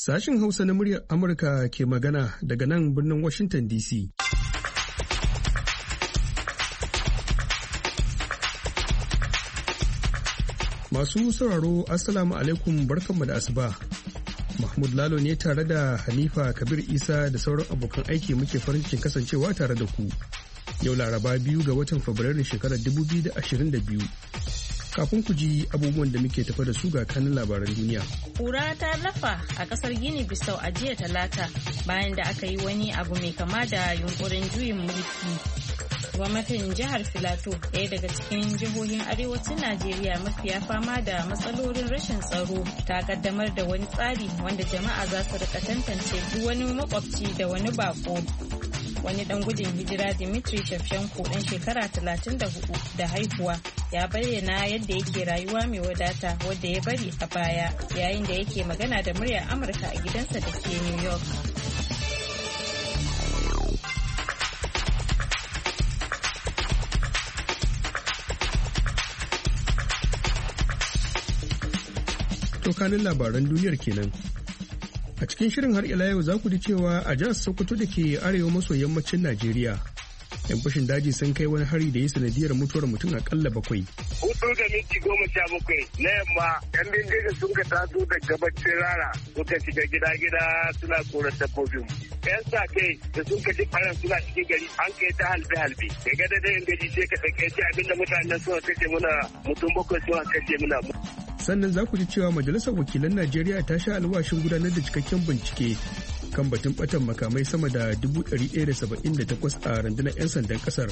Sashin Hausa na muryar Amurka ke magana daga nan birnin Washington DC. Masu sauraro Assalamu alaikum barkanmu da asuba. Mahmud Lalo ne tare da Hanifa Kabir Isa da sauran abokan aiki muke farin cikin kasancewa tare da ku. Yau Laraba biyu ga watan Fabrairu shekarar 2022. kafin ku ji abubuwan da muke tafa da su ga kanin labaran duniya. Kura ta lafa a kasar Gini Bisau a jiya talata bayan da aka yi wani abu mai kama da yunkurin juyin mulki. Gwamnatin jihar Filato ɗaya daga cikin jihohin arewacin Najeriya mafiya fama da matsalolin rashin tsaro ta kaddamar da wani tsari wanda jama'a za su rika tantance duk wani makwabci da wani bako. Wani ɗan gudun hijira Dimitri Shevchenko ɗan shekara 34 da haihuwa ya bayyana yadda yake rayuwa mai wadata wadda ya bari a baya yayin da yake magana da muryar amurka a gidansa da ke new york tokanin labaran duniyar kenan a cikin shirin har ila yau za ku ji cewa a jihar sokoto da ke arewa maso yammacin najeriya yan fashin daji sun kai wani hari da ya sanadiyar mutuwar mutum akalla bakwai. hudu da minti goma sha bakwai na yamma yan bindiga sun ka taso da gabacin rana suka shiga gida gida suna tsoron dabbobin yan sa kai da sun ka ji ɓaran suna cikin gari an kai ta halbe halbe da gada da yan gaji sai ka ci abinda mutanen suna kashe muna mutum bakwai suna kashe muna. sannan za ku ji cewa majalisar wakilan najeriya ta sha alwashin gudanar da cikakken bincike kan batun batan makamai sama da 178 a rundunar 'yan sandan kasar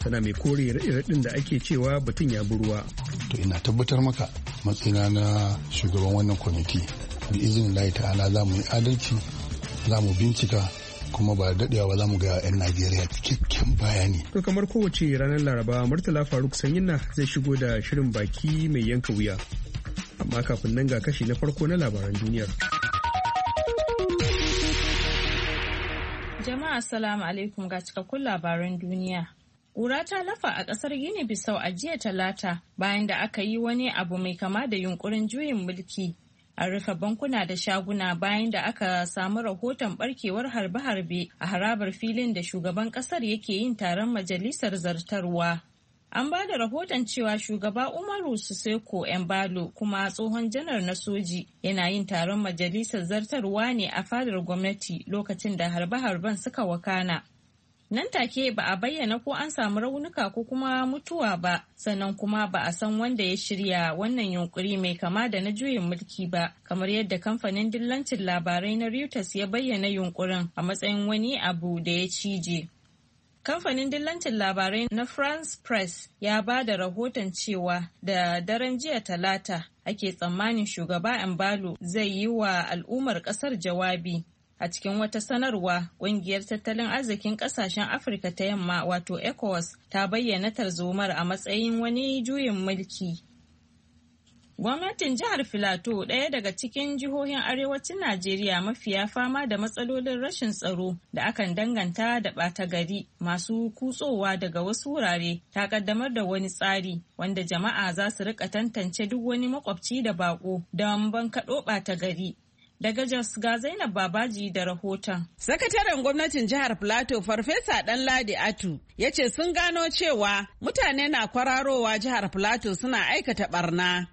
tana mai kore raɗin da ake cewa batun ya ruwa. to ina tabbatar maka matsina na shugaban wannan kwamiti da izinin layi ta'ala za mu yi adalci za mu bincika kuma ba daɗewa ba za mu ga 'yan najeriya cikin bayani to kamar kowace ranar laraba murtala faruk sanyina zai shigo da shirin baki mai yanka wuya amma kafin nan ga kashi na farko na labaran duniyar. Jama'a salamu alaikum ga cikakkun labaran duniya. Ƙura ta lafa a ƙasar Gini Bisau a jiya talata bayan da aka yi wani abu mai kama da yunkurin juyin mulki. a rufe bankuna da shaguna bayan da aka samu rahoton barkewar harbe-harbe a harabar filin da shugaban ƙasar yake yin taron majalisar zartarwa. An ba da rahoton cewa shugaba Umaru Suseko Balo kuma tsohon janar na soji yana yin taron majalisar zartarwa ne a fadar gwamnati lokacin da harbe-harben suka wakana. Nan take ba a bayyana ko an samu raunuka ko kuma mutuwa ba, sannan kuma ba a san wanda ya shirya wannan yunkuri mai kama da na juyin mulki ba, kamar yadda kamfanin dillancin labarai na Reuters ya bayyana yunkurin a matsayin wani abu da ya cije. Kamfanin dillancin labarai na France Press ya ba da rahoton cewa da daren jiya talata ake tsammanin shugaba Mbalo zai yi wa al'ummar kasar jawabi. A cikin wata sanarwa, ƙungiyar tattalin arzikin ƙasashen Afirka ta yamma wato ECOWAS ta bayyana tarzomar a matsayin wani juyin mulki Gwamnatin jihar Filato ɗaya daga cikin jihohin arewacin Najeriya mafiya fama da matsalolin rashin tsaro da akan danganta da ɓata gari masu kutsowa daga wasu wurare ta ƙaddamar da wani tsari wanda jama'a za su rika tantance duk wani makwabci da bako don kaɗo ɓata gari Daga Jos ga Zainab Babaji da rahoton. Sakataren gwamnatin jihar Filato Farfesa Danladi Atu ya ce sun gano cewa mutane na kwararowa jihar Filato suna aikata barna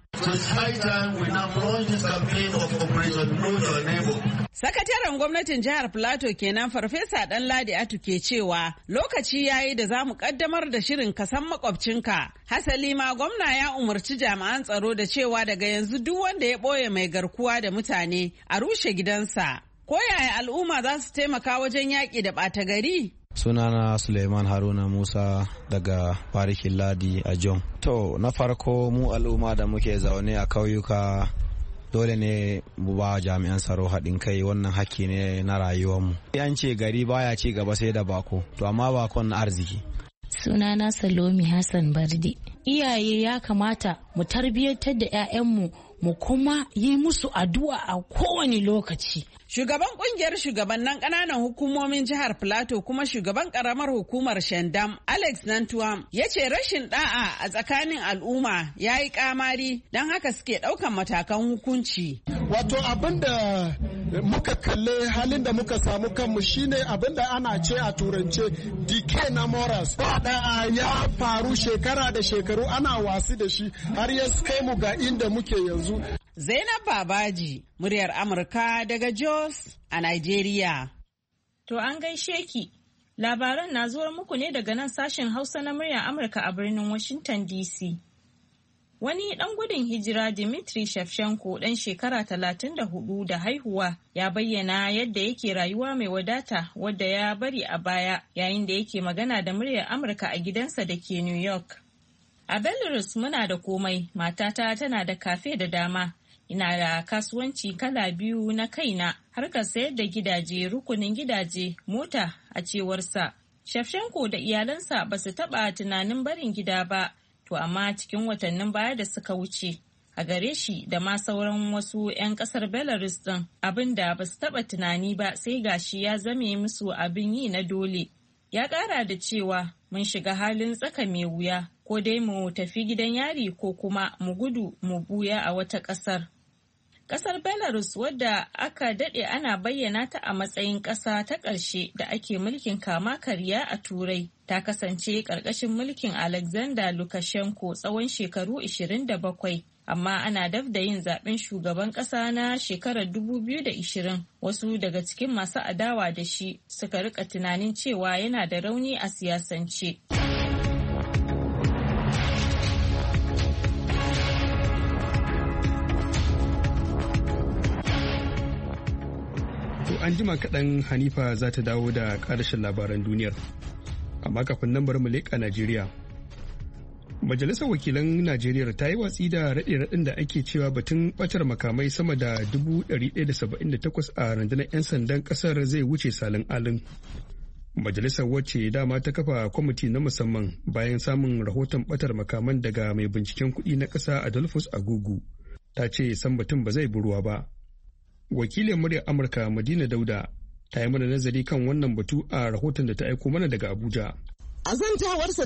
Sakataren gwamnatin jihar Plateau kenan Farfesa Ɗanladi Atu ke cewa lokaci ya yi da za mu ƙaddamar da shirin kasan makwabcinka. Hasali ma gwamna ya umarci jami'an tsaro da cewa daga yanzu duk wanda ya ɓoye mai garkuwa da mutane a rushe gidansa. Ko yaya al'umma za su taimaka wajen yaƙi da ɓata gari? sunana suleiman haruna musa daga farikin ladi a john to na farko mu al'umma da muke zaune a kauyuka dole ne mu ba jami'an tsaro haɗin kai wannan haƙƙi ne na rayuwarmu. An ce gari baya ci gaba sai da bako, to amma bakon na arziki. Sunana Salomi Hassan Bardi. Iyaye ya kamata mu tarbiyyantar da 'ya'yanmu mu kuma yi musu addu'a a kowane lokaci. Shugaban kungiyar shugabannin ƙananan hukumomin jihar Plateau kuma shugaban ƙaramar hukumar Shandam Alex Nantuam ya ce rashin ɗa'a a tsakanin al'umma ya yi ƙamari don haka suke ɗaukan matakan hukunci. Wato abin da muka kalle halin da muka samu kanmu shine abin da ana ce a turance dike na Moras. a ya faru shekara da shekaru ana wasu da shi har ya kai mu ga inda muke yanzu zainab babaji muryar amurka daga jos a nigeria to an gaishe ki labaran na zuwar muku ne daga nan sashen hausa na muryar amurka a birnin washington dc Wani ɗan gudun hijira Dimitri Shevchenko ɗan shekara 34 da haihuwa ya bayyana yadda yake rayuwa mai wadata wadda ya bari a baya yayin da yake magana da muryar Amurka a gidansa da ke New York. A Belarus muna da komai, matata tana da kafe da dama. Ina da kasuwanci kala biyu na kaina, harkar sayar da gidaje, rukunin gidaje, mota a cewarsa. Shevchenko da iyalansa ba su taɓa tunanin barin gida ba to amma cikin watannin baya da suka wuce a gare shi da ma sauran wasu 'yan kasar belarus din abin da ba su taba tunani ba sai gashi ya zame musu abin yi na dole ya kara da cewa mun shiga halin tsaka mai wuya ko dai mu tafi gidan yari ko kuma mu gudu mu buya a wata kasar Kasar Belarus wadda aka dade ana bayyana ta a matsayin ƙasa ta ƙarshe da ake mulkin kama karya a Turai ta kasance ƙarƙashin mulkin Alexander Lukashenko tsawon shekaru 27 amma ana daf da yin zaben shugaban ƙasa na shekarar 2020 wasu daga cikin masu adawa da shi suka rika tunanin cewa yana da rauni a siyasance. an jima kaɗan hanifa za ta dawo da ƙarshen labaran duniyar amma kafin nan bari mu leƙa najeriya majalisar wakilan najeriya ta yi watsi da raɗe-raɗin da ake cewa batun ɓatar makamai sama da 178 a rundunar 'yan sandan ƙasar zai wuce salin alin majalisar wacce dama ta kafa kwamiti na musamman bayan samun rahoton ɓatar makaman daga mai binciken kuɗi na ƙasa adolphus agugu ta ce san batun ba zai buruwa ba wakilin muryar amurka madina dauda ta yi mana nazari kan wannan batu a rahoton da ta aiko mana daga abuja A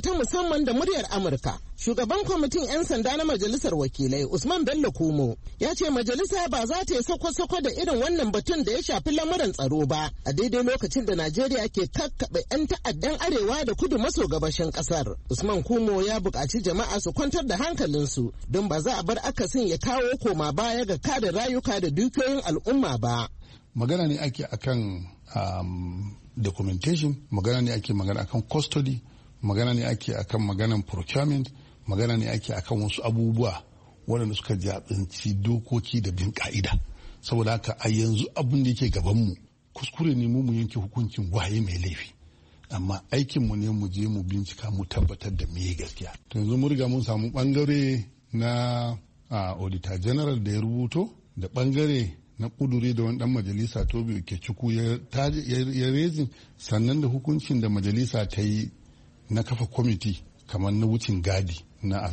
ta musamman da muryar Amurka, shugaban kwamitin 'yan sanda na majalisar wakilai Usman Bello Kumo ya ce majalisa ba za ta yi sako-sako da irin wannan batun da ya shafi lamuran tsaro ba a daidai lokacin da Najeriya ke kakkaɓe 'yan ta'addan arewa da kudu maso gabashin ƙasar. Usman Kumo ya buƙaci jama'a su kwantar da hankalinsu don ba za a bar akasin ya kawo koma baya ga kada rayuka da dukiyoyin al'umma ba. Magana ne ake akan um, documentation, magana ne ake magana akan custody. magana ne ake akan maganan procurement magana ne ake akan wasu abubuwa waɗanda suka jaɓinci dokoki da bin ka'ida saboda haka a yanzu abin da yake gabanmu kuskure ne mu yanke hukuncin waye mai laifi amma aikinmu ne mu je mu bincika mu tabbatar da meye gaskiya to yanzu mun riga mun samu ɓangare na auditor general da ya rubuto da ɓangare na kuduri da wani dan majalisa tobi ke ciku ya rezin sannan da hukuncin da majalisa ta yi na kafa kwamiti kamar na wucin gadi na a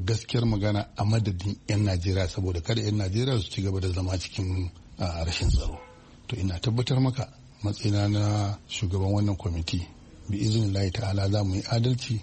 gaskiyar magana a madadin 'yan najeriya saboda kada 'yan najeriya su ci gaba da zama cikin rashin tsaro to ina tabbatar maka matsayina na shugaban wannan kwamiti bi izinin layi ta'ala za mu yi adalci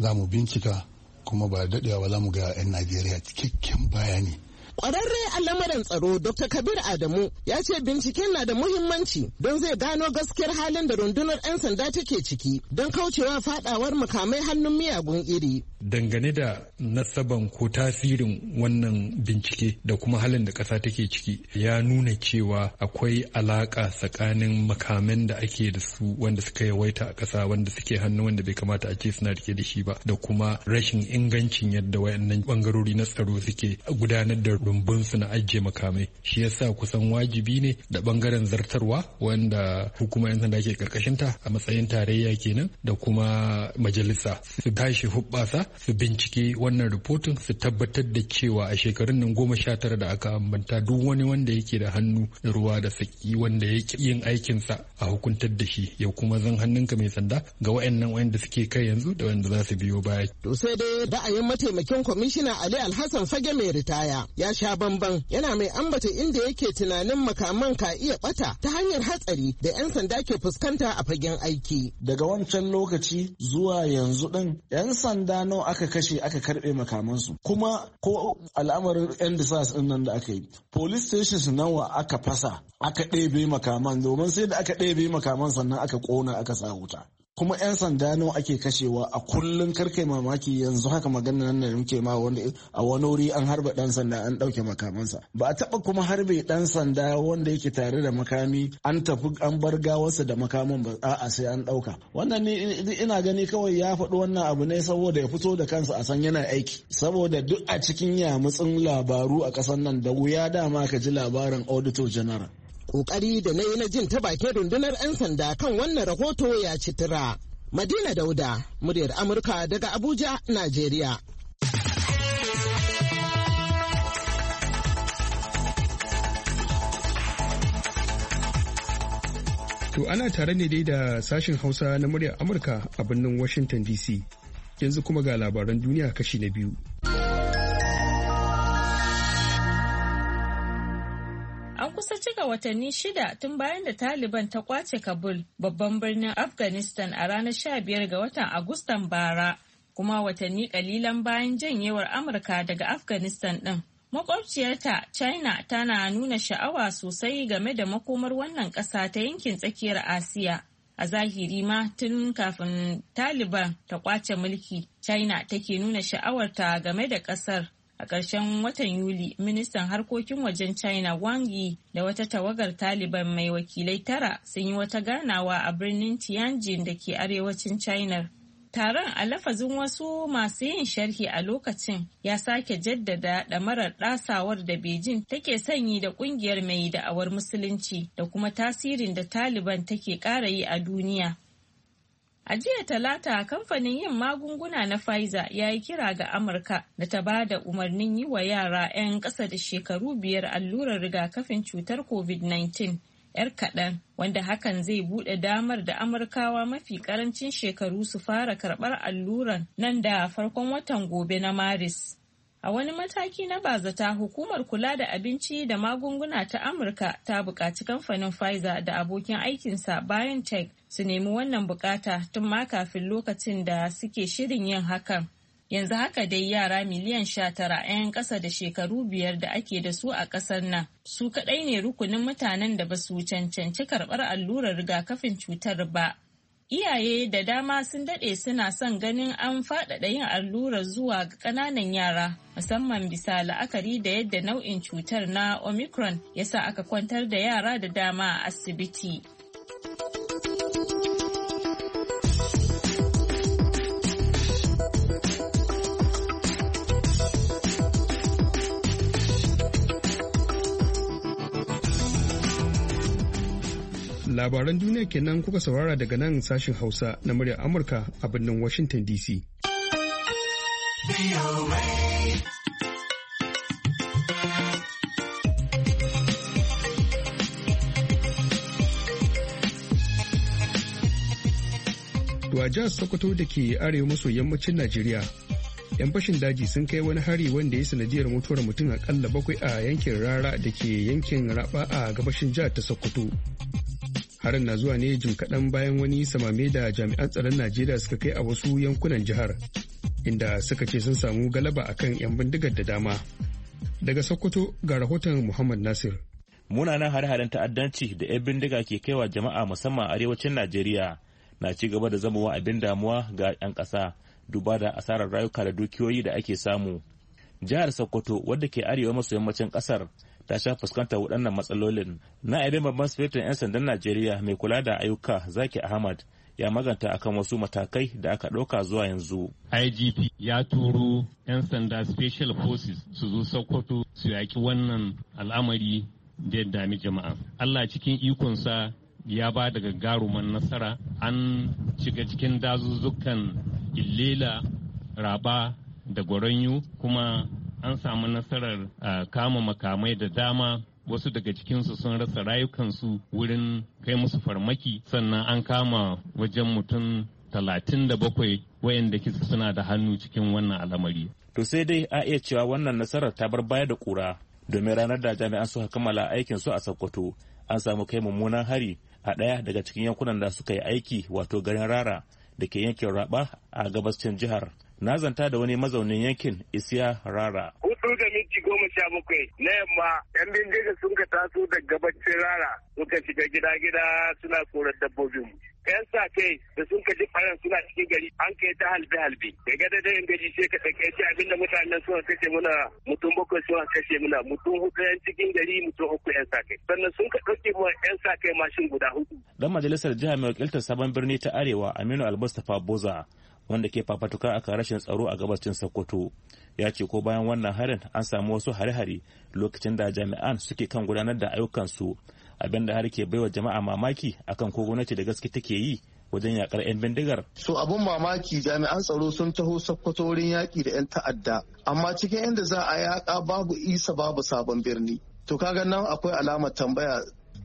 za mu bincika kuma ba da daɗewa ba za mu ga 'yan najeriya cikakken bayani Kwararre a lamarin tsaro Dr. Kabir Adamu ya ce binciken na da muhimmanci don zai gano gaskiyar halin da rundunar 'yan sanda take ciki don kaucewa fadawar makamai hannun miyagun iri. Dangane da nasaban ko tasirin wannan bincike da kuma halin da kasa take ciki ya nuna cewa akwai alaƙa tsakanin makaman da ake da su wanda suka yawaita a ƙasa wanda suke hannu wanda bai kamata a ce suna rike da shi ba da kuma rashin ingancin yadda wayannan bangarori na tsaro suke gudanar da rumbun su na ajiye makamai shi yasa kusan wajibi ne da bangaren zartarwa wanda hukumar yan sanda ke karkashinta a matsayin tarayya kenan da kuma majalisa su tashi hubbasa su bincike wannan rahoton su tabbatar da cewa a shekarun nan goma sha tara da aka ambanta duk wani wanda yake da hannu da ruwa da saki wanda ki yin aikinsa a hukuntar da shi ya kuma zan hannunka mai sanda ga wayannan wayanda suke kai yanzu da wanda za su biyo baya. To sai dai ra'ayin mataimakin kwamishina Ali Alhassan Fage mai ritaya ya sha bamban yana mai ambata inda yake tunanin makaman ka iya bata ta hanyar hatsari da 'yan sanda ke fuskanta a fagen aiki. Daga wancan lokaci zuwa yanzu din 'yan sanda nawa aka kashe aka karbe makamansu kuma ko al'amarin 'yan disas din nan da aka yi. Police stations nawa aka fasa aka ɗebe makaman domin sai da aka ɗebe makaman sannan aka ƙona aka sa wuta. kuma 'yan sanda nawa ake kashewa a kullum karkai mamaki yanzu haka magana nan da muke ma wanda a wani wuri an harbe dan sanda an dauke makamansa ba a taba kuma harbe dan sanda wanda yake tare da makami an tafi an bar gawarsa da makamin ba a'a sai an dauka wannan ne ina gani kawai ya faɗi wannan abu ne saboda ya fito da kansa a san yana aiki saboda duk a cikin yamutsin labaru a ƙasar nan da wuya dama ka ji labarin auditor general Kokari da na yi na jin ta bakin rundunar 'yan sanda kan wannan rahoto ya ci tura. Madina Dauda, muryar Amurka daga Abuja, Najeriya. To ana tare ne dai da sashen Hausa na muryar Amurka a birnin Washington DC. Yanzu kuma ga labaran duniya kashi na biyu. watanni shida tun bayan da Taliban ta kwace Kabul babban birnin Afghanistan a ranar 15 ga watan Agustan bara, kuma watanni kalilan bayan janyewar Amurka daga Afghanistan ɗin. Makwabciyarta China tana nuna sha'awa sosai game da makomar wannan ƙasa ta yankin tsakiyar Asiya. a zahiri ma tun kafin taliban ta kwace mulki china take nuna sha'awarta game da ƙasar. A ƙarshen watan Yuli, ministan harkokin wajen China Wang Yi da wata tawagar Taliban mai wakilai tara sun yi wata ganawa a birnin Tianjin da ke arewacin China. Taron a lafazin wasu masu yin sharhi a lokacin ya sake jaddada ɗamarar ɗasawar da Beijing take sanyi da ƙungiyar mai da'awar musulunci da kuma tasirin da Taliban take ƙara yi a duniya. A jiya Talata kamfanin yin magunguna na Pfizer ya yi kira ga Amurka da ta ba da umarnin yi wa yara 'yan ƙasa da shekaru biyar allurar rigakafin cutar COVID-19 'yar kaɗan wanda hakan zai buɗe damar da Amurkawa mafi ƙarancin shekaru su fara karɓar alluran nan da farkon watan gobe na Maris. A wani mataki na bazata hukumar kula da abinci da magunguna ta Amurka ta buƙaci kamfanin Pfizer da abokin aikinsa BioNTech su nemi wannan bukata tun ma kafin lokacin da suke shirin yin hakan. Yanzu haka dai yara miliyan sha tara 'yan ƙasa da shekaru biyar da ake da su a ƙasar nan su kaɗai ne rukunin mutanen da ba su cancanci karɓar allurar rigakafin cutar ba. Iyaye da dama sun daɗe suna son ganin an faɗaɗa yin allura zuwa ga ƙananan yara musamman bisa la'akari da yadda nau'in cutar na Omicron ya sa aka kwantar da yara da dama a asibiti. labaran duniya kenan kuka saurara daga nan sashin hausa na muryar amurka a birnin washington dc a jihar Sokoto da ke arewa maso yammacin Najeriya. 'Yan fashin daji sun kai wani hari wanda ya sanadiyar mutuwar mutum akalla bakwai a yankin rara da ke yankin raba a gabashin jihar ta Sokoto. harin na zuwa ne jim kaɗan bayan wani samame da jami'an tsaron najeriya suka kai a wasu yankunan jihar inda suka ce sun samu galaba akan 'yan bindigar da dama daga sokoto ga rahoton muhammad nasir munanan hare-haren ta'addanci da 'yan bindiga ke kaiwa jama'a musamman arewacin najeriya na ci gaba da zamowa abin damuwa ga 'yan ƙasa duba da asarar rayuka da dukiyoyi da ake samu jihar sokoto wadda ke arewa maso yammacin ƙasar ta sha fuskantar waɗannan matsalolin na aidin babban sifetin 'yan sandan najeriya mai kula da ayyuka zaki ahmad ya maganta akan wasu matakai da aka ɗauka zuwa yanzu. IGP ya turo 'yan sanda Special Forces su zo Sokoto su yaƙi wannan al'amari da ya dami jama'a. Allah cikin ikonsa ya ba da gagaruman nasara an shiga cikin dazuzzukan Illela, Raba da Gwaranyu kuma an samu nasarar kama makamai da dama wasu daga cikinsu sun rasa rayukansu wurin kai musu farmaki sannan an kama wajen mutum talatin da bakwai wayanda kisa suna da hannu cikin wannan al'amari. To sai dai a iya cewa wannan nasarar ta bar baya da kura domin ranar da jami'an suka kammala aikin su a Sokoto an samu kai mummunan hari a ɗaya daga cikin yankunan da suka yi aiki wato garin Rara da ke yankin Raba a gabascin jihar na zanta da wani mazaunin yankin isiya rara hudu da minti goma sha bakwai na yamma yan bindiga sun ka taso da gabacin rara suka shiga gida gida suna korar dabbobin yan sa kai da sun ka ji faran suna cikin gari an kai ta halbe halbe daga da dayan gari sai ka sake ce abinda mutanen suna kashe muna mutum bakwai suna kashe muna mutum hudu yan cikin gari mutum uku yan sa kai sannan sun ka ɗauke mu yan sa kai mashin guda hudu dan majalisar jiha mai wakiltar sabon birni ta arewa aminu albastafa boza wanda ke fafatuka akan rashin tsaro a gabacin sokoto ya ce ko bayan wannan harin an samu wasu hare-hare lokacin da jami'an suke kan gudanar da ayyukansu abin da har ke baiwa jama'a mamaki akan ko gwamnati da gaske take yi wajen yakar 'yan bindigar. So abun mamaki jami'an tsaro sun taho sokoto wurin yaƙi da 'yan ta'adda amma cikin inda za a yaƙa babu isa babu sabon birni. To kaga nan akwai alamar tambaya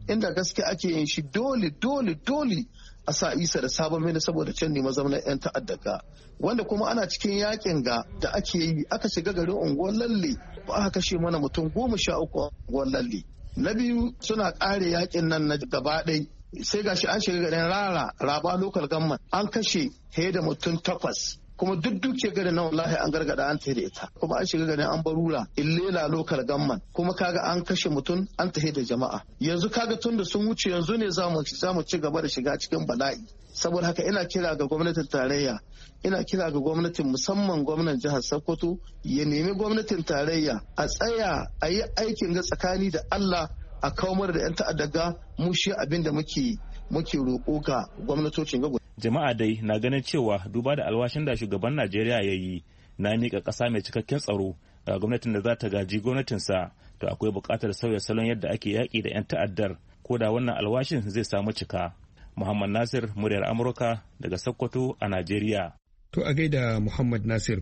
inda gaske ake yin shi dole dole dole a sa isa da sabon mini saboda can ne mazaunan 'yan ta'adda ga wanda kuma ana cikin yakin ga da ake yi aka shiga garin unguwar lalle ba aka kashe mana mutum goma sha uku unguwar lalle na biyu suna kare yakin nan na gaba ɗai sai gashi an shiga garin rara raba lokal gamman an kashe fiye da mutum takwas kuma duk duk gari na wallahi an gargada an tafi da ita kuma an shiga garin an barura illela lokal gamman kuma kaga an kashe mutum an tafi da jama'a yanzu kaga tun da sun wuce yanzu ne za mu ci gaba da shiga cikin bala'i saboda haka ina kira ga gwamnatin tarayya ina kira ga gwamnatin musamman gwamnan jihar sokoto ya nemi gwamnatin tarayya a tsaya a yi aikin ga tsakani da allah a kawar da 'yan ta'addaga mu shi abin da muke muke roƙo ga gwamnatocin jama'a dai na ganin cewa duba da alwashin da shugaban najeriya ya yi na miƙa ƙasa mai cikakken tsaro ga gwamnatin da za ta gaji gwamnatinsa to akwai buƙatar sauya salon yadda ake yaƙi da 'yan ta'addar ko da wannan alwashin zai samu cika muhammad nasir muryar amurka daga sokoto a najeriya to a gaida muhammad nasir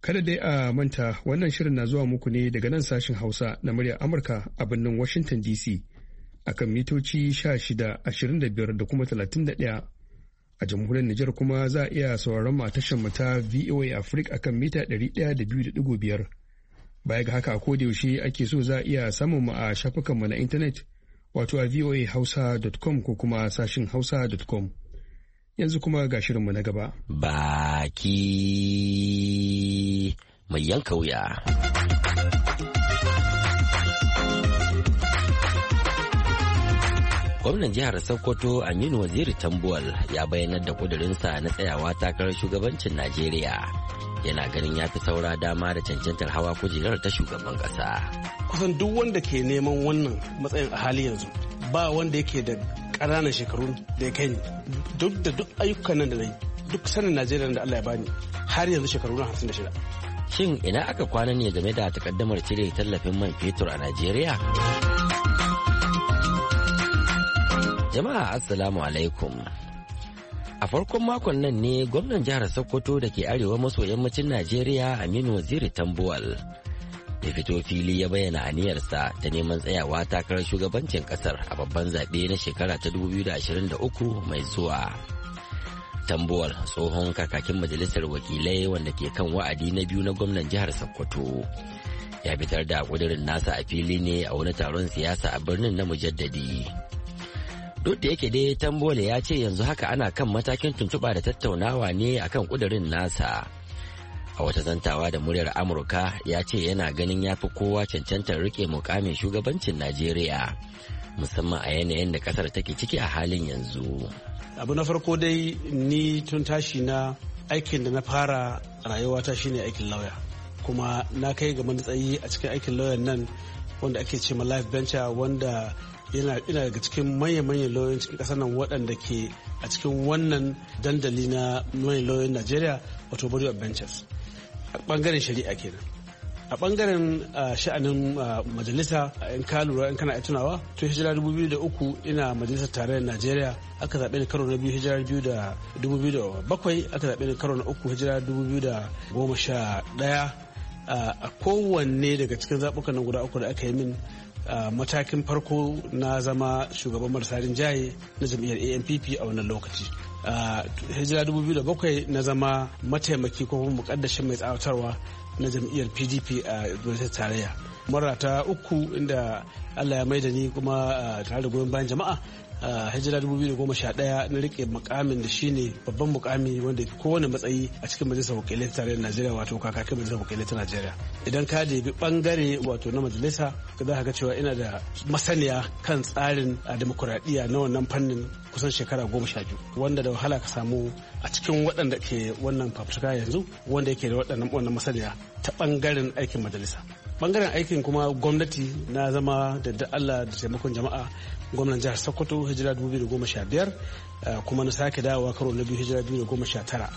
kada dai a manta wannan shirin na zuwa muku ne daga nan sashen hausa na muryar amurka a birnin washington dc akan mitoci shida da kuma 31. A jamhuriyar Nijar kuma za a iya sauraron matashin mata VOA Africa akan mita 102.5. Baya ga haka a da yaushe ake so za a iya samun mu a shafukanmu na intanet wato a voahausa.com ko kuma sashin hausa.com. Yanzu kuma ga shirinmu na gaba. Baki mai yanka wuya. gwamnan jihar sokoto aminu waziri tambuwal ya bayyanar da kudurinsa na tsayawa takarar shugabancin najeriya yana ganin ya fi saura dama da cancantar hawa kujerar ta shugaban kasa kusan duk wanda ke neman wannan matsayin a hali yanzu ba wanda yake da ƙananan shekaru da ya kai duk da duk ayyukan nan da na yi duk sanin najeriya da allah ya bani har yanzu shekaru na hamsin da shida shin ina aka kwana ne game da takaddamar cire tallafin man fetur a najeriya Jama'a Assalamu alaikum. A farkon makon nan ne gwamnan jihar Sokoto da ke arewa maso yammacin Najeriya Aminu Waziri Tambuwal. Da fito fili ya bayyana aniyarsa ta neman tsayawa takarar shugabancin kasar a babban zaɓe na shekara ta 2023 mai zuwa. Tambuwal tsohon kakakin majalisar wakilai wanda ke kan wa'adi na biyu na gwamnan jihar Sokoto. Ya fitar da ƙudurin nasa a fili ne a wani taron siyasa a birnin na mujaddadi. duk da yake dai tambole ya ce yanzu haka ana kan matakin tuntuɓa da tattaunawa ne akan kudirin nasa a wata zantawa da muryar amurka ya ce yana ganin ya fi kowa cancantar rike mukamin shugabancin najeriya musamman a yanayin da kasar take ciki a halin yanzu abu na farko dai ni tun tashi na aikin da na fara rayuwata shine aikin lauya kuma na kai ga matsayi a cikin aikin lauyan nan wanda ake ce ma life venture wanda yana ina daga cikin manya-manyan lauyoyin cikin kasar nan waɗanda ke a cikin wannan dandali na manyan lauyoyin Najeriya wato Body of Benches a ɓangaren shari'a kenan. A ɓangaren sha'anin majalisa in ka lura in kana tunawa to hijira 2003 ina majalisar tarayyar Najeriya aka zaɓe ni karo na biyu hijira 2007 aka zaɓe ni karo na uku hijira 2011 a kowanne daga cikin zaɓukan nan guda uku da aka yi min matakin farko na zama shugaban marasa rinjaye na jam'iyyar anpp a wannan lokaci hijira 2007 na zama mataimaki ko kuma mukaddashin mai tsawatarwa na jam'iyyar pdp a gwamnatin tarayya mara ta uku inda allah ya mai da ni kuma tare da goyon bayan jama'a hijira 2011 na rike mukamin da shine babban mukami wanda fi kowane matsayi a cikin majalisar wakilai tare da Najeriya wato kakakin majalisar wakilai ta Najeriya idan ka debi bangare wato na majalisa ka za ka cewa ina da masaniya kan tsarin a demokuraɗiyya na wannan fannin kusan shekara goma sha biyu wanda da wahala ka samu a cikin waɗanda ke wannan fafutuka yanzu wanda yake da waɗannan wannan masaniya ta bangaren aikin majalisa bangaren aikin kuma gwamnati na zama da Allah da taimakon jama'a gwamnan jihar sokoto hijira 2015 eh, kuma na sake dawowa karo na biyu hijira 2019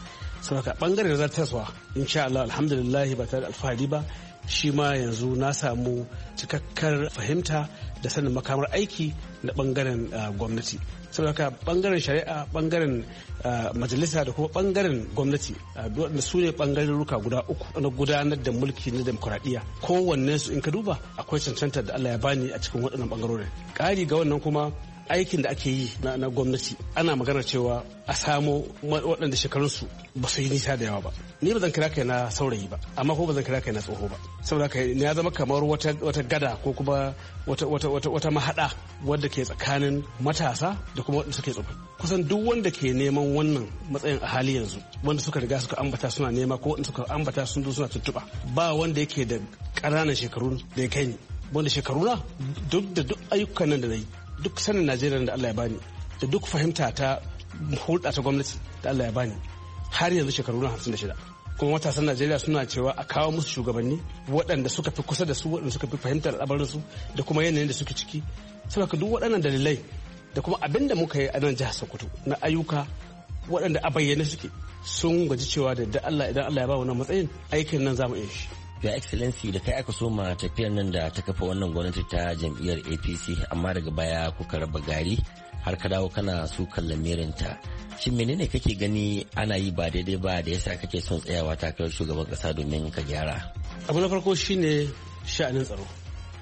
saboda bangaren zartaswa insha Allah alhamdulillah ba tare da alfahari ba shi ma yanzu na samu cikakkar fahimta da sanin makamar aiki na bangaren ah, gwamnati saboda haka bangaren shari'a bangaren ah, majalisa da kuma bangaren gwamnati ah, waɗanda su ne bangaren ruka guda uku na gudanar da mulki na demokuraɗiyya kowanne su in ka duba akwai cancantar da allah ya bani a cikin waɗannan bangarorin ƙari ga wannan kuma aikin da ake yi na gwamnati ana magana cewa a samo waɗanda shekarunsu ba su yi nisa da yawa ba ni ba zan kira kai na saurayi ba amma ko ba zan kira kai na tsoho ba saboda haka ya zama kamar wata wata gada ko kuma wata wata wata wata mahada wadda ke tsakanin matasa da kuma wadda suke tsofaffi kusan duk wanda ke neman wannan matsayin a hali yanzu wanda suka riga suka ambata suna nema ko wanda suka ambata sun zo suna tuntuɓa ba wanda yake da ƙananan shekaru da ya kai ni wanda shekaruna duk da duk ayyukan nan da na yi duk sanin najeriya da allah ya bani da duk fahimta ta hulɗa ta gwamnati da allah ya bani har yanzu shekaru na hamsin da shida kuma matasan najeriya suna cewa a kawo musu shugabanni waɗanda suka fi kusa da su waɗanda suka fi fahimtar su da kuma yanayin da suke ciki saboda duk waɗannan dalilai da kuma abin da muka yi a nan jihar sokoto na ayyuka waɗanda a bayyane suke sun gaji cewa da Allah idan Allah ya ba wannan matsayin aikin nan za mu iya shi ya excellency da kai aka soma tafiyar nan da ta kafa wannan gwamnati ta jam'iyyar apc amma daga baya kuka raba gari har ka dawo kana su lamirinta shin menene kake gani ana yi ba daidai ba da yasa kake son tsayawa takarar shugaban kasa domin ka gyara abu na farko shine sha'anin tsaro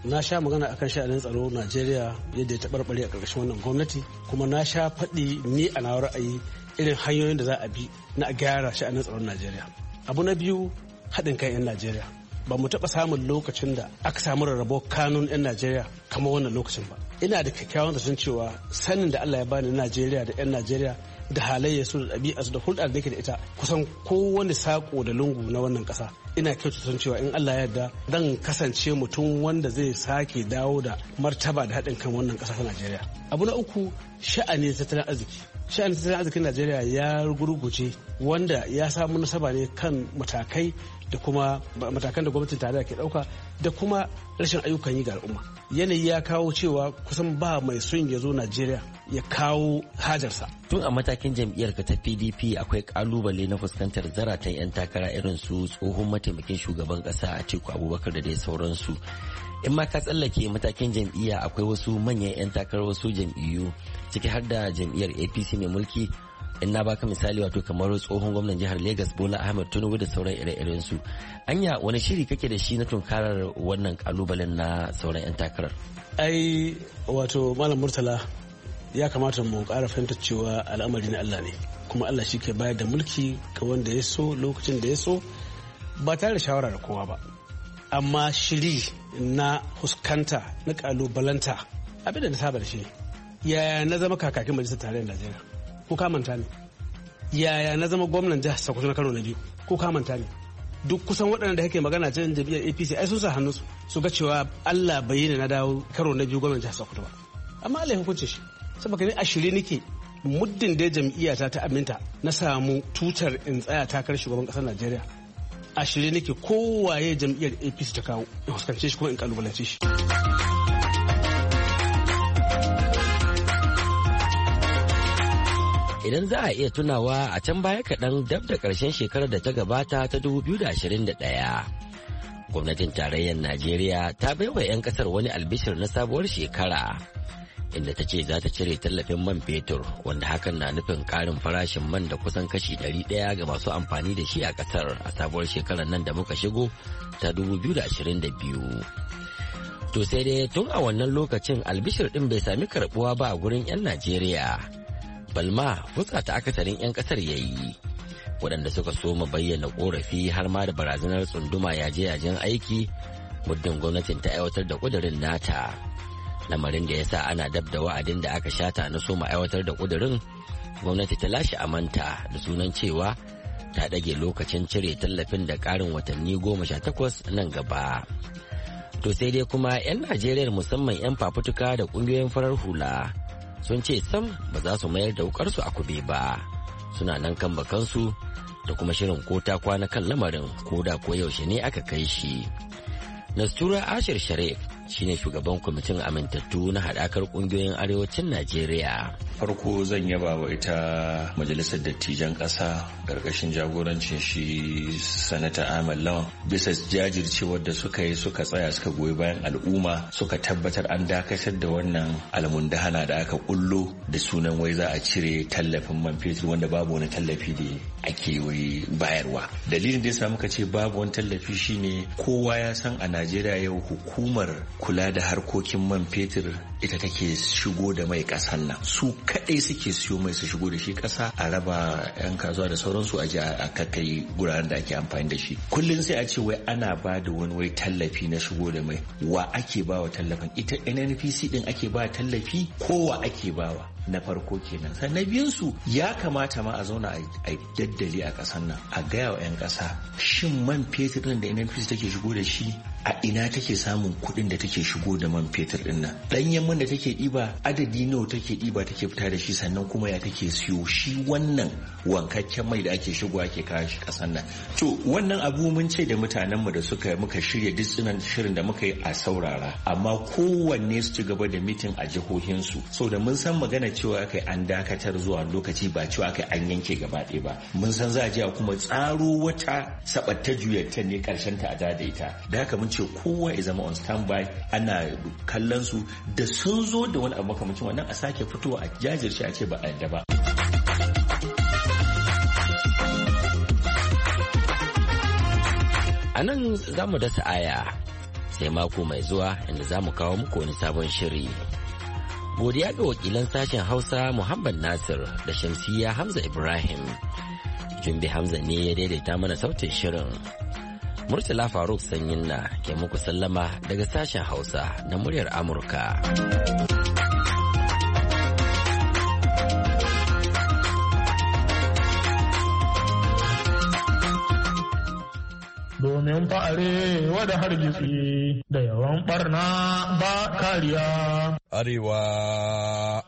na sha magana akan sha'anin tsaro najeriya yadda ya taɓarɓare a ƙarƙashin wannan gwamnati kuma na sha faɗi ni a nawa ra'ayi irin hanyoyin da za a bi na gyara sha'anin tsaron najeriya abu na biyu haɗin kan 'yan najeriya ba mu taɓa samun lokacin da aka samu rarrabo kanun 'yan Najeriya kamar wannan lokacin ba. Ina da kyakkyawan zaton cewa sanin da Allah ya bani Najeriya da 'yan Najeriya da halayya su da ɗabi'a su da hulɗa da nake da ita kusan kowane saƙo da lungu na wannan ƙasa ina san cewa in Allah ya yarda zan kasance mutum wanda zai sake dawo da martaba da haɗin kan wannan ƙasa ta Najeriya abu na uku sha'ani tattalin arziki sha'ani tattalin arzikin Najeriya ya gurguje wanda ya samu nasaba ne kan matakai da kuma matakan da gwamnatin tarayya ke dauka da kuma rashin ayyukan yi ga al'umma yanayi ya kawo cewa kusan ba mai son ya zo najeriya ya kawo hajarsa tun a matakin jam'iyyar ka ta pdp akwai kalubale na fuskantar zaratan 'yan takara irin su tsohon mataimakin shugaban kasa a teku abubakar da dai sauransu in ma ka tsallake matakin jam'iyya akwai wasu manyan 'yan takarar wasu jam'iyyu ciki har da jam'iyyar apc mai mulki in na baka misali wato kamar tsohon gwamnan jihar Legas Bola Ahmed Tinubu da sauran ire-iren su anya wani shiri kake da shi na tunkarar wannan kalubalen na sauran 'yan takarar ai wato malam murtala ya kamata mu ƙara fahimtar cewa al'amari na Allah ne kuma Allah shi ke bayar da mulki ga wanda ya so lokacin da ya so ba tare da shawara da kowa ba amma shiri na huskanta na kalubalanta abin da na saba da shi yaya na zama kakakin majalisar tarayyar Najeriya ko ka manta ne yaya na zama gwamnan jihar Sokoto na Kano na biyu ko ka manta ne duk kusan waɗanda da kake magana cikin jam'iyyar APC ai sun sa hannu su su ga cewa Allah bai yi na dawo karo na biyu gwamnan jihar Sokoto ba amma Allah ya hukunce shi saboda ni a nake muddin da jam'iyya ta ta aminta na samu tutar in tsaya takar shugaban ƙasar Najeriya ashirin nake kowaye jam'iyyar APC ta kawo in huskance shi kuma in kalubalance shi idan za a iya tunawa a can baya kaɗan dab da ƙarshen shekarar da ta gabata ta 2021. Gwamnatin tarayyar Najeriya ta baiwa 'yan ƙasar wani albishir na sabuwar shekara. Inda ta ce za ta cire tallafin man fetur wanda hakan na nufin ƙarin farashin man da kusan kashi ɗari ɗaya ga masu amfani da shi a ƙasar a sabuwar shekarar nan da muka shigo ta 2022. To sai dai tun a wannan lokacin albishir ɗin bai sami karɓuwa ba a gurin 'yan Najeriya. balma ta akasarin 'yan kasar ya yi waɗanda suka soma bayyana korafi har ma da barazanar tsunduma yaje-yajen aiki muddin gwamnatin ta aiwatar da ƙudurin nata lamarin da ya sa ana dab da wa'adin da aka shata na soma aiwatar da ƙudurin gwamnati ta lashe amanta da sunan cewa ta ɗage lokacin cire tallafin da ƙarin watanni goma sha takwas nan gaba to sai dai kuma 'yan najeriya musamman 'yan fafutuka da ƙungiyoyin farar hula sun ce sam ba za su mayar da wukarsu a kube ba suna nan kan bakansu da kuma shirin ko ta kwana kan lamarin ko da ko yaushe ne aka kai shi nastura ashir sharif shine shugaban kwamitin amintattu na haɗakar ƙungiyoyin arewacin Najeriya. Farko zan yaba wa ita majalisar dattijan ƙasa ƙarƙashin jagorancin shi sanata Ahmed Lawan bisa jajircewar da suka yi suka tsaya suka goyi bayan al'umma suka tabbatar an dakatar da wannan almundahana da aka kullo da sunan wai za a cire tallafin man fetur wanda babu wani tallafi da ake wai bayarwa. Dalilin da ya samu ka ce babu wani tallafi shine kowa ya san a Najeriya yau hukumar kula da harkokin man fetur ita take shigo da mai kasan nan su kadai suke siyo mai su shigo da shi kasa a raba yan kasuwa da sauransu a ji a kakai guraren da ake amfani da shi kullum sai a ce wai ana ba da wani wai tallafi na shigo da mai wa ake bawa tallafin ita nnpc din ake ba tallafi ko wa ake bawa na farko kenan sannan biyunsu ya kamata ma a zauna a daddali a ƙasar nan a gaya wa 'yan ƙasa shin man fetur da nnpc take shigo da shi a ina take samun kuɗin da take shigo da man fetur din nan ɗanyen man da take ɗiba adadi nawa take ɗiba take fita da shi sannan kuma ya take siyo shi wannan wankakken mai da ake shigo ake kawo shi kasan nan to wannan abu mun ce da mutanen mu da suka muka shirya dutsunan shirin da muka yi a saurara amma kowanne su ci gaba da mitin a jihohinsu so da mun san magana cewa kai an dakatar zuwa lokaci ba cewa kai an yanke gaba ɗaya ba mun san za a kuma tsaro wata sabatta juyarta ne ƙarshen ta a daidaita da haka mun mun ce kowa ya zama on standby ana kallon su da sun zo da wani abu makamancin wannan a sake fitowa a jajirce a ce ba a ba a nan za mu dasa aya sai mako mai zuwa inda za mu kawo muku wani sabon shiri godiya ga wakilan sashen hausa muhammad nasir da shamsiya hamza ibrahim jumbi hamza ne ya daidaita mana sautin shirin Murtala Faruk Sanyin na ke muku sallama daga sashen Hausa na muryar Amurka. domin fa'are da hargitsi da yawan barna ba kariya. Arewa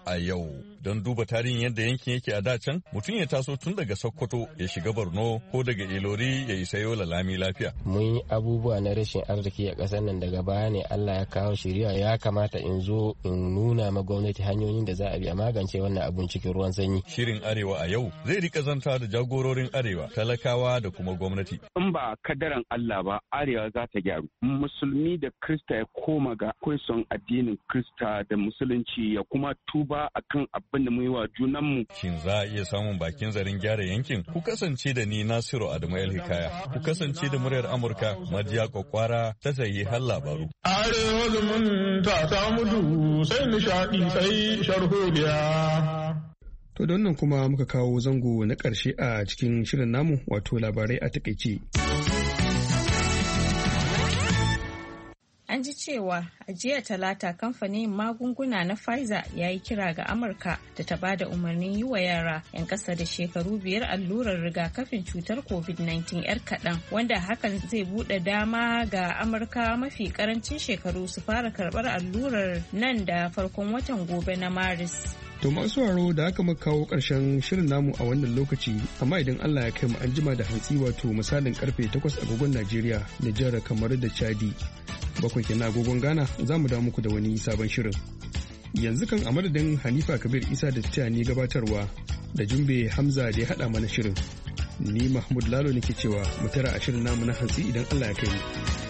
a yau. don duba tarihin yadda yankin yake a da can mutum ya taso tun daga Sokoto ya shiga Borno ko daga Ilori ya isa Yola lami lafiya. Mun yi abubuwa na rashin arziki a ƙasar nan daga baya ne Allah ya kawo shiriya ya kamata in zo in nuna ma gwamnati hanyoyin da za a bi a magance wannan abun cikin ruwan sanyi. Shirin Arewa a yau zai rika zanta da jagororin Arewa talakawa da kuma gwamnati. In ba kadaran Allah ba Arewa za ta gyaru. Musulmi da Krista ya koma ga son addinin Krista da Musulunci ya kuma tuba akan abin abin da mu yi wa junanmu. Shin za a iya samun bakin zarin gyara yankin? Ku kasance da ni Nasiru Adamu Hikaya. Ku kasance da muryar Amurka Madiya Kwakwara ta sayi har labaru. Arewa zumunta ta mudu sai nishaɗi sai To don nan kuma muka kawo zango na ƙarshe a cikin shirin namu wato labarai a takaice. An ji cewa a jiya talata kamfanin magunguna na Pfizer ya yi kira ga Amurka da ta bada umarnin yi wa yara 'yan kasa da shekaru biyar allurar rigakafin cutar COVID-19 'yar kaɗan wanda hakan zai buɗe dama ga Amurka mafi ƙarancin shekaru su fara karɓar allurar nan da farkon watan gobe na Maris. To masu sauraro da aka muka kawo ƙarshen shirin namu a wannan lokaci, amma idan Allah ya kai mu an jima da hantsi wato misalin karfe 8 agogon Najeriya da jihar kamar da Chadi. bakwai kenan agogon Ghana za mu dawo muku da wani sabon shirin. Yanzu kan a madadin Hanifa Kabir Isa da ta ne gabatarwa da Jumbe Hamza da ya haɗa mana shirin. Ni Mahmud Lalo nake cewa mu tara a shirin namu na hantsi idan Allah ya kai mu.